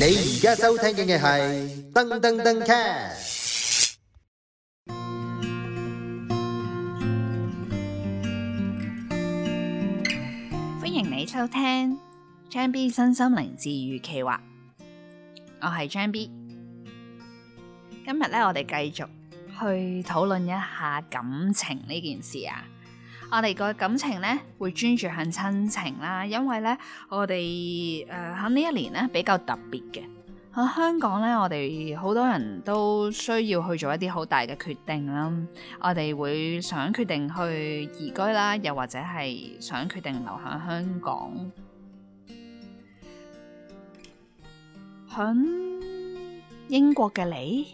你而家收聽緊嘅係噔噔噔車，歡迎你收聽張 B 身心靈治愈企劃，我係張 B，今日咧我哋繼續去討論一下感情呢件事啊。我哋個感情呢，會專注向親情啦，因為呢，我哋誒喺呢一年呢，比較特別嘅。喺香港呢，我哋好多人都需要去做一啲好大嘅決定啦。我哋會想決定去移居啦，又或者係想決定留喺香港。喺英國嘅你，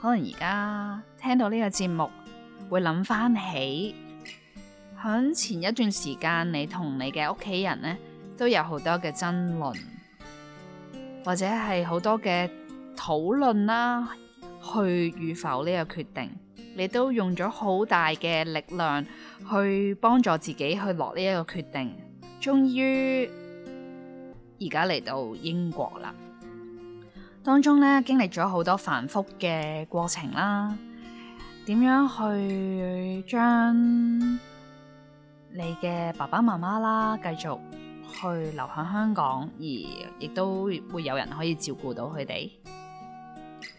可能而家聽到呢個節目，會諗翻起。喺前一段時間，你同你嘅屋企人咧都有好多嘅爭論，或者係好多嘅討論啦，去與否呢個決定，你都用咗好大嘅力量去幫助自己去落呢一個決定。終於而家嚟到英國啦，當中咧經歷咗好多繁複嘅過程啦，點樣去將你嘅爸爸媽媽啦，繼續去留喺香港，而亦都會有人可以照顧到佢哋，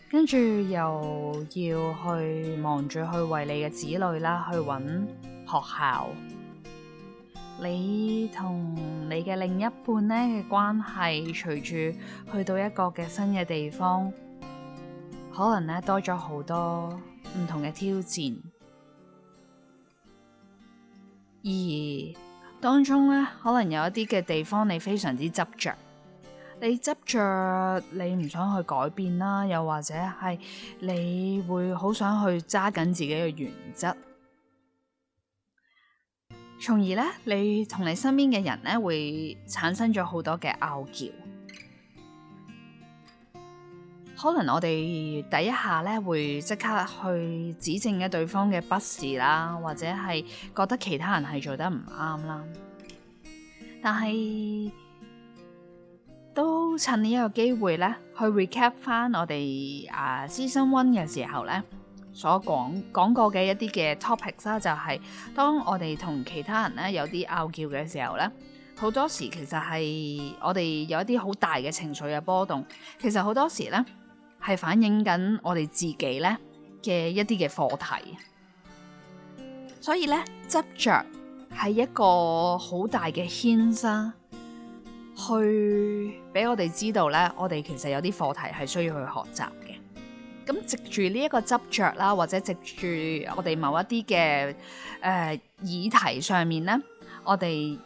跟住又要去忙住去為你嘅子女啦，去揾學校。你同你嘅另一半呢嘅關係，隨住去到一個嘅新嘅地方，可能呢多咗好多唔同嘅挑戰。而當中咧，可能有一啲嘅地方你非常之執着，你執着你唔想去改變啦，又或者係你會好想去揸緊自己嘅原則，從而咧你同你身邊嘅人咧會產生咗好多嘅拗撬。可能我哋第一下咧，會即刻去指正嘅對方嘅不是啦，或者係覺得其他人係做得唔啱啦。但係都趁呢一個機會咧，去 recap 翻我哋啊 season one 嘅時候咧，所講講過嘅一啲嘅 topics 啦，啊，就係、是、當我哋同其他人咧有啲拗撬嘅時候咧，好多時其實係我哋有一啲好大嘅情緒嘅波動。其實好多時咧。係反映緊我哋自己咧嘅一啲嘅課題，所以咧執着係一個好大嘅 hint 啊，去俾我哋知道咧，我哋其實有啲課題係需要去學習嘅。咁藉住呢一個執着啦，或者藉住我哋某一啲嘅誒議題上面咧，我哋。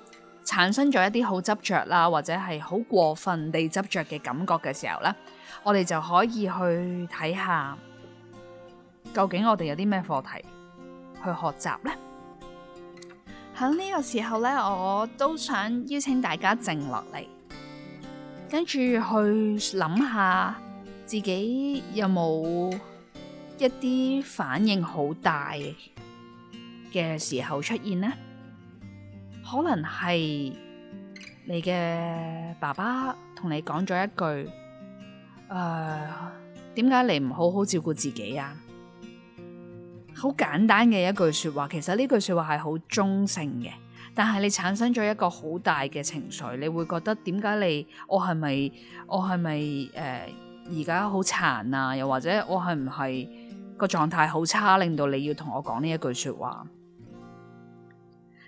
產生咗一啲好執着啦，或者係好過分地執着嘅感覺嘅時候咧，我哋就可以去睇下究竟我哋有啲咩課題去學習呢。喺呢個時候咧，我都想邀請大家靜落嚟，跟住去諗下自己有冇一啲反應好大嘅時候出現呢。可能係你嘅爸爸同你講咗一句，誒、呃，點解你唔好好照顧自己啊？好簡單嘅一句說話，其實呢句說話係好中性嘅，但係你產生咗一個好大嘅情緒，你會覺得點解你我係咪我係咪誒而家好殘啊？又或者我係唔係個狀態好差，令到你要同我講呢一句說話？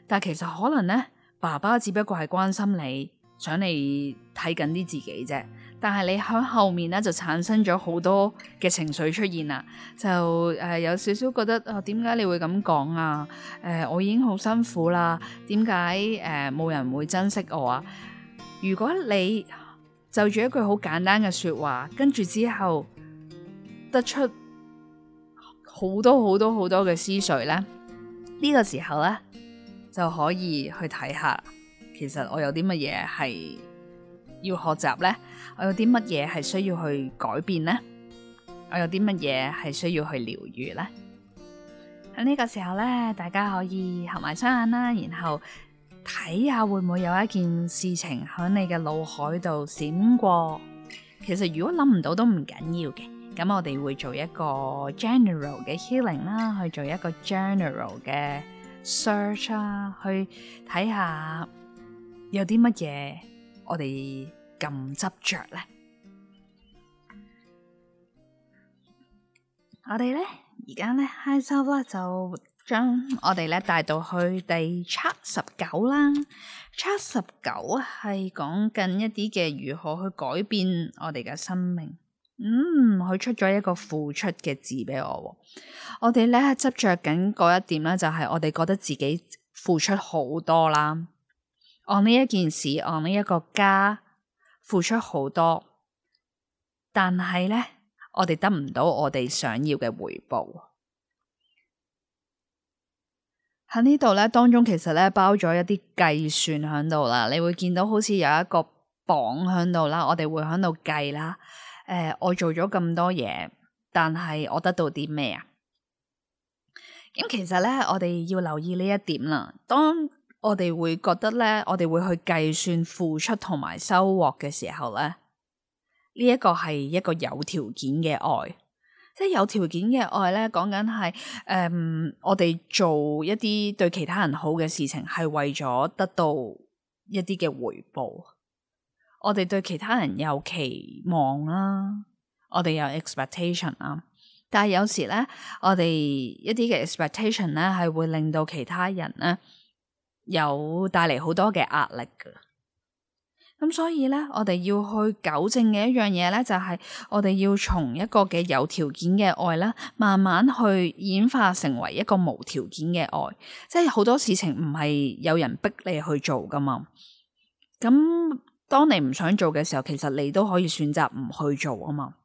但其實可能咧，爸爸只不過係關心你，想你睇緊啲自己啫。但係你響後面咧就產生咗好多嘅情緒出現啦，就誒、呃、有少少覺得哦，啊，點解你會咁講啊？誒、呃，我已經好辛苦啦，點解誒冇人會珍惜我啊？如果你就住一句好簡單嘅說話，跟住之後得出好多好多好多嘅思緒咧，呢個時候咧。就可以去睇下，其實我有啲乜嘢係要學習咧？我有啲乜嘢係需要去改變咧？我有啲乜嘢係需要去療癒咧？喺呢個時候咧，大家可以合埋雙眼啦，然後睇下會唔會有一件事情喺你嘅腦海度閃過。其實如果諗唔到都唔緊要嘅，咁我哋會做一個 general 嘅 healing 啦，去做一個 general 嘅。search 啊，去睇下有啲乜嘢我哋咁執着咧。我哋咧而家咧，Hi Show 啦，就將我哋咧帶到去第七十九啦。七十九係講緊一啲嘅如何去改變我哋嘅生命。嗯，佢出咗一個付出嘅字俾我。我哋咧執着緊嗰一點咧，就係我哋覺得自己付出好多啦。按呢一件事，按呢一個家付出好多，但係咧，我哋得唔到我哋想要嘅回報。喺呢度咧當中，其實咧包咗一啲計算喺度啦。你會見到好似有一個榜喺度啦，我哋會喺度計啦。誒、呃，我做咗咁多嘢，但係我得到啲咩啊？咁其實咧，我哋要留意呢一點啦。當我哋會覺得咧，我哋會去計算付出同埋收穫嘅時候咧，呢、這、一個係一個有條件嘅愛，即係有條件嘅愛咧，講緊係誒，我哋做一啲對其他人好嘅事情，係為咗得到一啲嘅回報。我哋對其他人有期望啦，我哋有 expectation 啊，但係有時咧，我哋一啲嘅 expectation 咧係會令到其他人咧有帶嚟好多嘅壓力噶。咁所以咧，我哋要去糾正嘅一樣嘢咧，就係我哋要從一個嘅有條件嘅愛啦，慢慢去演化成為一個無條件嘅愛，即係好多事情唔係有人逼你去做噶嘛，咁。當你唔想做嘅時候，其實你都可以選擇唔去做啊嘛。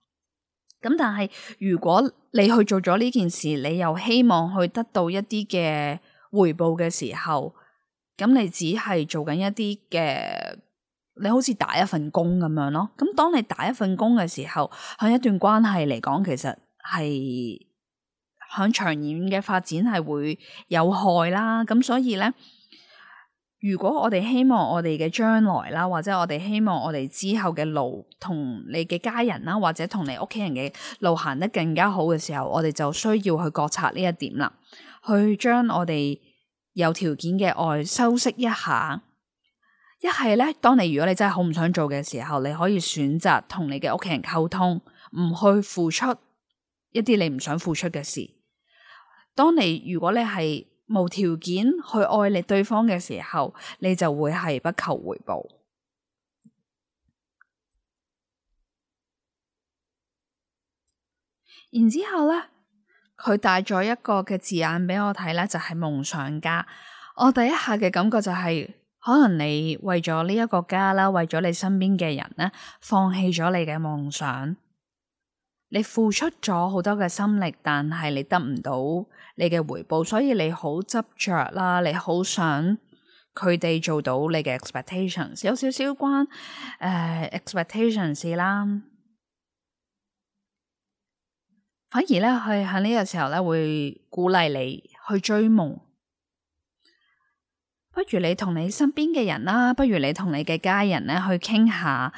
咁但係如果你去做咗呢件事，你又希望去得到一啲嘅回報嘅時候，咁你只係做緊一啲嘅，你好似打一份工咁樣咯。咁當你打一份工嘅時候，喺一段關係嚟講，其實係喺長遠嘅發展係會有害啦。咁所以咧。如果我哋希望我哋嘅將來啦，或者我哋希望我哋之後嘅路同你嘅家人啦，或者同你屋企人嘅路行得更加好嘅時候，我哋就需要去覺察呢一點啦，去將我哋有條件嘅愛修飾一下。一係咧，當你如果你真係好唔想做嘅時候，你可以選擇同你嘅屋企人溝通，唔去付出一啲你唔想付出嘅事。當你如果你係，無條件去愛你對方嘅時候，你就會係不求回報。然之後咧，佢帶咗一個嘅字眼俾我睇咧，就係夢想家。我第一下嘅感覺就係，可能你為咗呢一個家啦，為咗你身邊嘅人咧，放棄咗你嘅夢想。你付出咗好多嘅心力，但係你得唔到你嘅回報，所以你好執着啦，你好想佢哋做到你嘅 expectations，有少少關誒、呃、expectations 啦。反而咧，佢喺呢個時候咧，會鼓勵你去追夢。不如你同你身邊嘅人啦，不如你同你嘅家人咧去傾下，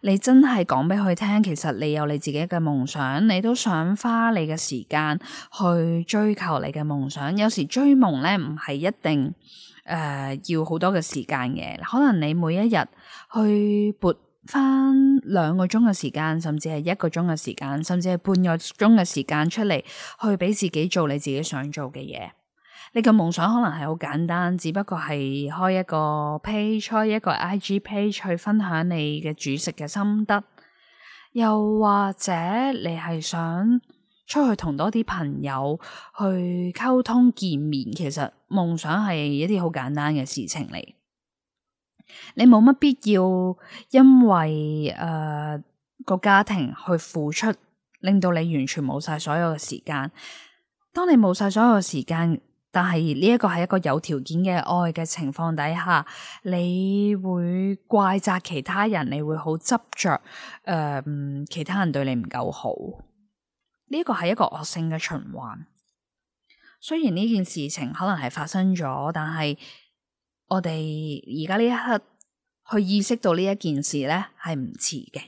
你真係講俾佢聽，其實你有你自己嘅夢想，你都想花你嘅時間去追求你嘅夢想。有時追夢咧唔係一定誒要好多嘅時間嘅，可能你每一日去撥翻兩個鐘嘅時間，甚至係一個鐘嘅時間，甚至係半個鐘嘅時間出嚟，去俾自己做你自己想做嘅嘢。你個夢想可能係好簡單，只不過係開一個 page，開一個 IG page 去分享你嘅煮食嘅心得，又或者你係想出去同多啲朋友去溝通見面。其實夢想係一啲好簡單嘅事情嚟，你冇乜必要因為誒、呃、個家庭去付出，令到你完全冇晒所有嘅時間。當你冇晒所有嘅時間。但係呢一個係一個有條件嘅愛嘅情況底下，你會怪責其他人，你會好執着，誒、呃，其他人對你唔夠好，呢一個係一個惡性嘅循環。雖然呢件事情可能係發生咗，但係我哋而家呢一刻去意識到呢一件事呢，係唔遲嘅。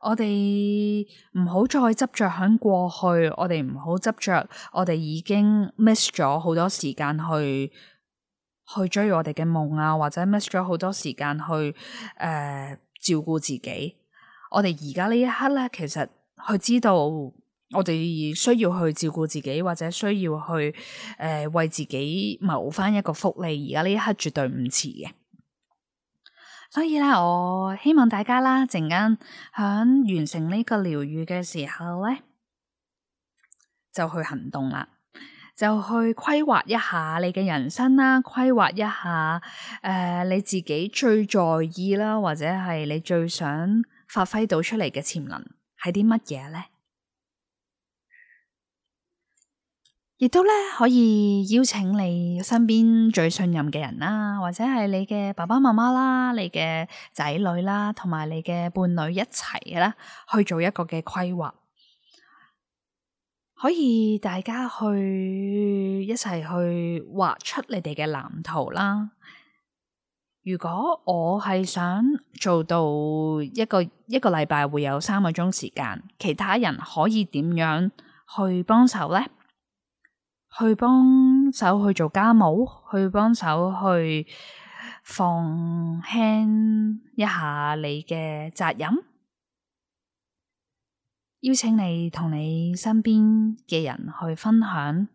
我哋唔好再執着喺過去，我哋唔好執着，我哋已經 miss 咗好多時間去去追我哋嘅夢啊，或者 miss 咗好多時間去誒、呃、照顧自己。我哋而家呢一刻咧，其實去知道我哋需要去照顧自己，或者需要去誒、呃、為自己謀翻一個福利。而家呢一刻絕對唔遲嘅。所以咧，我希望大家啦，陣間響完成呢個療癒嘅時候咧，就去行動啦，就去規劃一下你嘅人生啦，規劃一下誒、呃、你自己最在意啦，或者係你最想發揮到出嚟嘅潛能係啲乜嘢咧？亦都咧可以邀請你身邊最信任嘅人啦，或者係你嘅爸爸媽媽啦、你嘅仔女啦，同埋你嘅伴侶一齊啦，去做一個嘅規劃，可以大家去一齊去畫出你哋嘅藍圖啦。如果我係想做到一個一個禮拜會有三個鐘時間，其他人可以點樣去幫手呢？去幫手去做家務，去幫手去放輕一下你嘅責任，邀請你同你身邊嘅人去分享，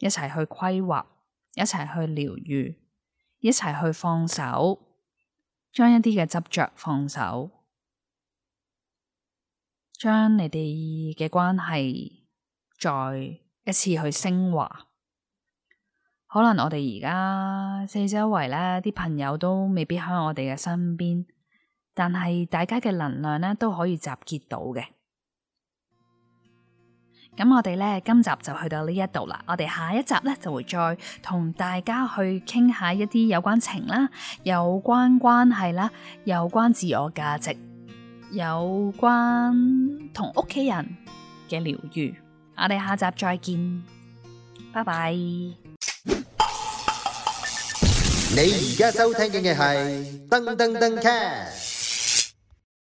一齊去規劃，一齊去療癒，一齊去放手，將一啲嘅執着放手，將你哋嘅關係再一次去升華，可能我哋而家四周圍呢啲朋友都未必喺我哋嘅身邊，但係大家嘅能量呢都可以集結到嘅。咁我哋呢今集就去到呢一度啦，我哋下一集呢就會再同大家去傾下一啲有關情啦、有關關係啦、有關自我價值、有關同屋企人嘅療愈。我哋下集再見，拜拜。你而家收聽嘅係《噔噔噔》卡。